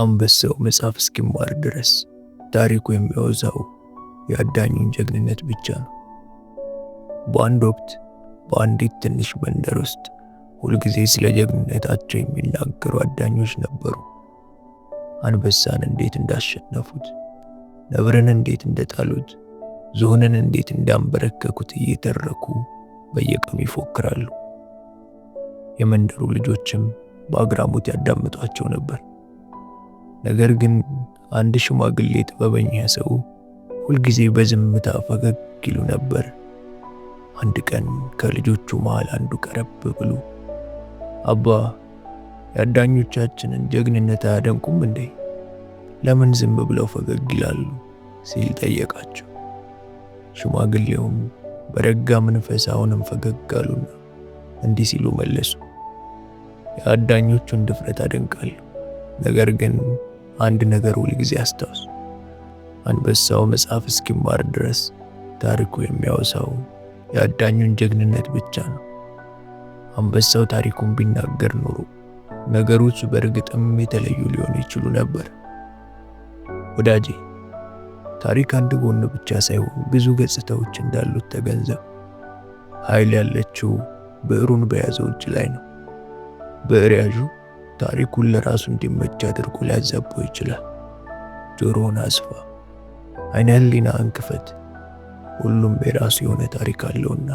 አንበሳው መጽሐፍ እስኪማር ድረስ ታሪኩ የሚያወዛው የአዳኙን ጀግንነት ብቻ ነው። በአንድ ወቅት በአንዲት ትንሽ መንደር ውስጥ ሁልጊዜ ስለ ጀግንነታቸው የሚናገሩ አዳኞች ነበሩ። አንበሳን እንዴት እንዳሸነፉት፣ ነብርን እንዴት እንደጣሉት፣ ዝሆንን እንዴት እንዳንበረከኩት እየተረኩ በየቀኑ ይፎክራሉ። የመንደሩ ልጆችም በአግራሞት ያዳምጧቸው ነበር። ነገር ግን አንድ ሽማግሌ ጥበበኛ ሰው ሁልጊዜ በዝምታ ፈገግ ይሉ ነበር። አንድ ቀን ከልጆቹ መሃል አንዱ ቀረብ ብሎ አባ፣ የአዳኞቻችንን ጀግንነት አያደንቁም እንዴ? ለምን ዝም ብለው ፈገግ ይላሉ? ሲል ጠየቃቸው። ሽማግሌውም በረጋ መንፈስ አሁንም ፈገግ አሉና እንዲህ ሲሉ መለሱ። የአዳኞቹን ድፍረት አደንቃለሁ፣ ነገር ግን አንድ ነገር ሁል ጊዜ አስታውስ። አንበሳው መጽሐፍ እስኪማር ድረስ ታሪኩ የሚያወሳው የአዳኙን ጀግንነት ብቻ ነው። አንበሳው ታሪኩን ቢናገር ኖሮ ነገሮች በእርግጥም የተለዩ ሊሆኑ ይችሉ ነበር። ወዳጄ ታሪክ አንድ ጎን ብቻ ሳይሆን ብዙ ገጽታዎች እንዳሉት ተገንዘብ። ኃይል ያለችው ብዕሩን በያዘው እጅ ላይ ነው። ብዕር ታሪኩን ለራሱ እንዲመች አድርጎ ሊያዛቦ ይችላል። ጆሮውን አስፋ፣ አይነ ህሊናህን ሁሉም የራሱ የሆነ ታሪክ አለውና